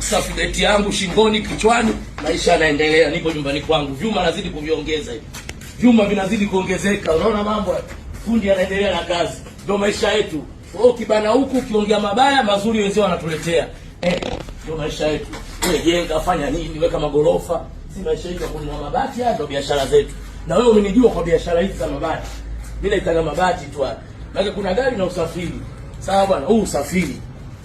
safuleti yangu shingoni, kichwani. Maisha yanaendelea, niko nyumbani kwangu, vyuma nazidi kuviongeza hivi, vyuma vinazidi kuongezeka. Unaona mambo, fundi anaendelea na kazi. Ndio maisha yetu. Wewe Ukibana huku ukiongea mabaya mazuri, wenzao wanatuletea eh, ndio maisha yetu. Wewe jenga, fanya nini, weka magorofa, si maisha yetu ya kununua mabati. Haya ndio biashara zetu, na wewe umenijua kwa biashara hizi za mabati. Mimi naitanga mabati tu maana kuna gari na usafiri. Sawa bwana, huu usafiri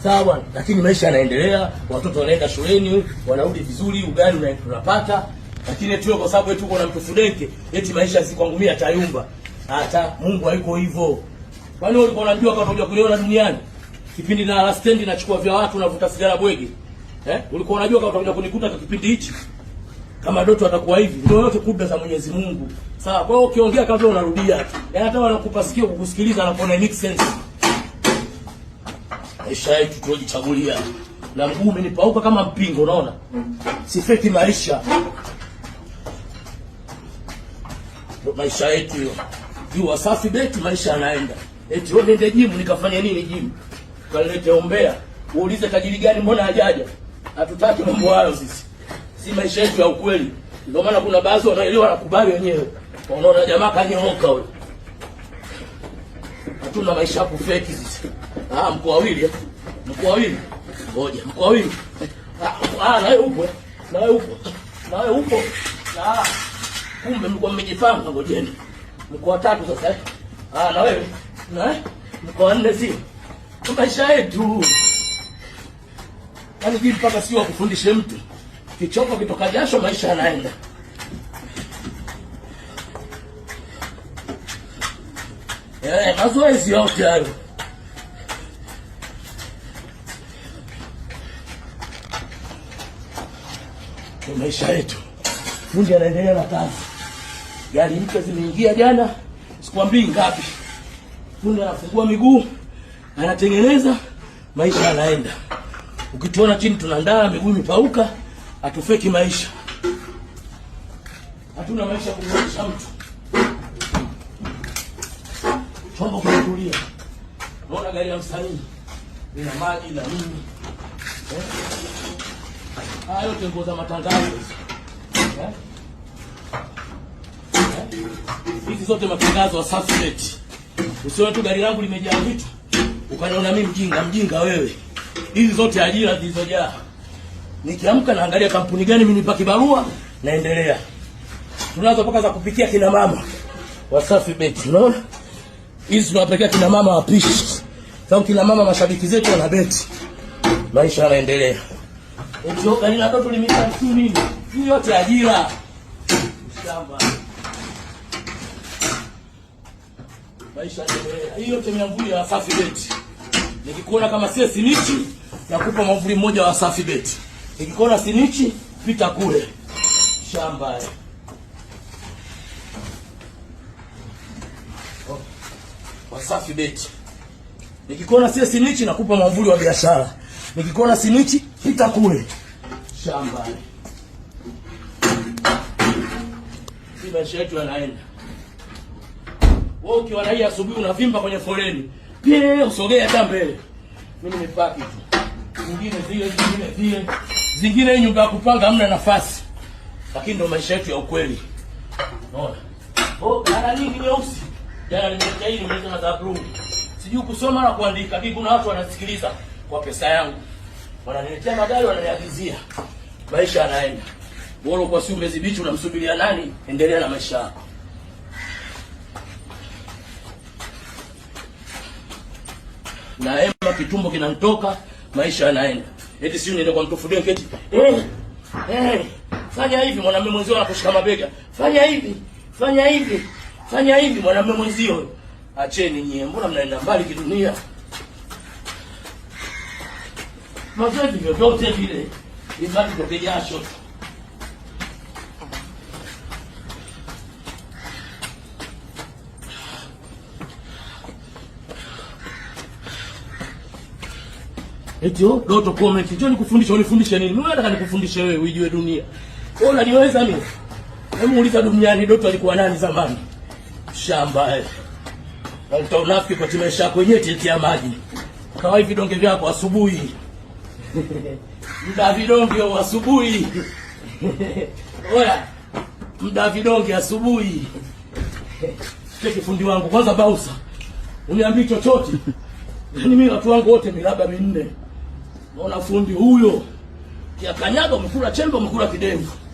sawa, lakini maisha yanaendelea, watoto wanaenda shuleni, wanarudi vizuri, ugali unapata, lakini eti kwa sababu eti uko na mtu fudenke, eti maisha si kwangu mimi atayumba. Hata Mungu hayuko hivyo. Kwani wewe ulikuwa unajua kama unakuja kuliona duniani? Kipindi na last stand nachukua vya watu na vuta sigara bwege. Eh? Ulikuwa unajua kama utakuja kunikuta kwa kipindi hichi? Kama Doto atakuwa hivi, ndio yote kubwa za Mwenyezi Mungu. Sawa, kwa hiyo ukiongea kama unarudia. Yaani hata wanakupasikia kukusikiliza na kuona make sense maisha yetu tulojichagulia, na mguu umenipauka kama mpingo. Unaona sifeti maisha, maisha yetu hiyo jua safi beti, maisha yanaenda eti wewe nende jimu nikafanya nini jimu, kalete ombea, uulize tajiri gani, mbona hajaja? Hatutaki mambo hayo sisi, si maisha yetu ya ukweli. Ndio maana kuna baadhi wanaelewa wanakubali wenyewe, wanaona jamaa kanyooka huyo. Hatuna maisha ya kufeki sisi. Ah, mko wawili. Mko wawili. Ngoja, mko wawili. Ah, ah na wewe upo. Eh. Na wewe upo. Na wewe upo. Ah. Kumbe mko mmejipanga ngojeni. Mko watatu sasa eh. Ah, na wewe. Na eh. mko wanne si. Maisha yetu. Yaani vipi mpaka sio kufundishe mtu. Kichoko kitoka jasho maisha yanaenda. Eh, mazoezi yote hayo. ni maisha yetu. Fundi anaendelea na kazi. Gari mpya zimeingia jana, sikwambii ngapi. Fundi anafungua miguu, anatengeneza, maisha yanaenda. Ukituona chini tunandaa, miguu imepauka, hatufeki maisha. Hatuna maisha kumwonyesha mtu. Chombo kinatulia. Naona gari ya msanii ina maji na nini? Eh? Haya yote nguo za matangazo eh? Eh? hizi zote matangazo ya Safet. Usione tu gari langu limejaa vitu ukaniona mimi mjinga. Mjinga wewe! Hizi zote ajira zilizojaa, nikiamka naangalia kampuni gani mimi nipaki barua, naendelea. Tunazo mpaka za kupikia kina mama wa Safet, unaona hizi tunawapelekea kina mama wapishi, sababu kina mama mashabiki zetu wana beti, Maisha yanaendelea ukioka ila ndoto limita tu nini hiyo yote ajira shamba maisha yanaendelea. Hiyo yote miamvuli ya Wasafi Bet. Nikikuona kama sie sinichi, nakupa mwamvuli mmoja wa Wasafi Bet. Nikikuona sinichi, pita kule shamba. Oh. Wasafi Bet. Nikikuona sie sinichi, nakupa mwamvuli wa biashara. Nikikuona sinichi, pita kule shamba. si maisha yetu yanaenda. Wewe ukiwa na hii asubuhi unavimba kwenye foleni pie, usogee hata mbele. Mimi nimepaki tu, zingine zile, zingine zile, zingine nyumba ya kupanga hamna nafasi, lakini ndo maisha yetu ya ukweli. Unaona oh, ana nini nyeusi jana nimeacha hii, nimeweza na za blue, sijui kusoma na kuandika. Kuna watu wanasikiliza kwa pesa yangu wananiletea madai, wananiagizia, maisha yanaenda. Bora kwa siku Mbezi Beach unamsubiria nani? Endelea na maisha yako. Na Emma kitumbo kinamtoka, maisha yanaenda. Eti sio niende kwa mtufudio keti. Eh, eh, fanya hivi mwanamume mwenzio anakushika mabega. Fanya hivi. Fanya hivi. Fanya hivi mwanamume mwenzio. Acheni nyie, mbona mnaenda mbali kidunia? mazoezi vyovyote vile ibaki toke jasho. Eti oh, leo comment, njoo nikufundishe. Unifundishe nini? Mimi nataka nikufundishe wewe uijue dunia. Wewe unaniweza mimi? Hebu uliza duniani Doto alikuwa nani zamani? Shamba eh. Na utaona kwa timu yako yenyewe, tia maji. Kawa hivi donge vyako asubuhi mda vidonge asubuhi. Oya, mda vidonge asubuhi. Cheki fundi wangu kwanza, Bausa uniambii chochote yaani mimi watu wangu wote milaba minne, naona fundi huyo kiakanyaga, umekula chembe, umekula kidevu.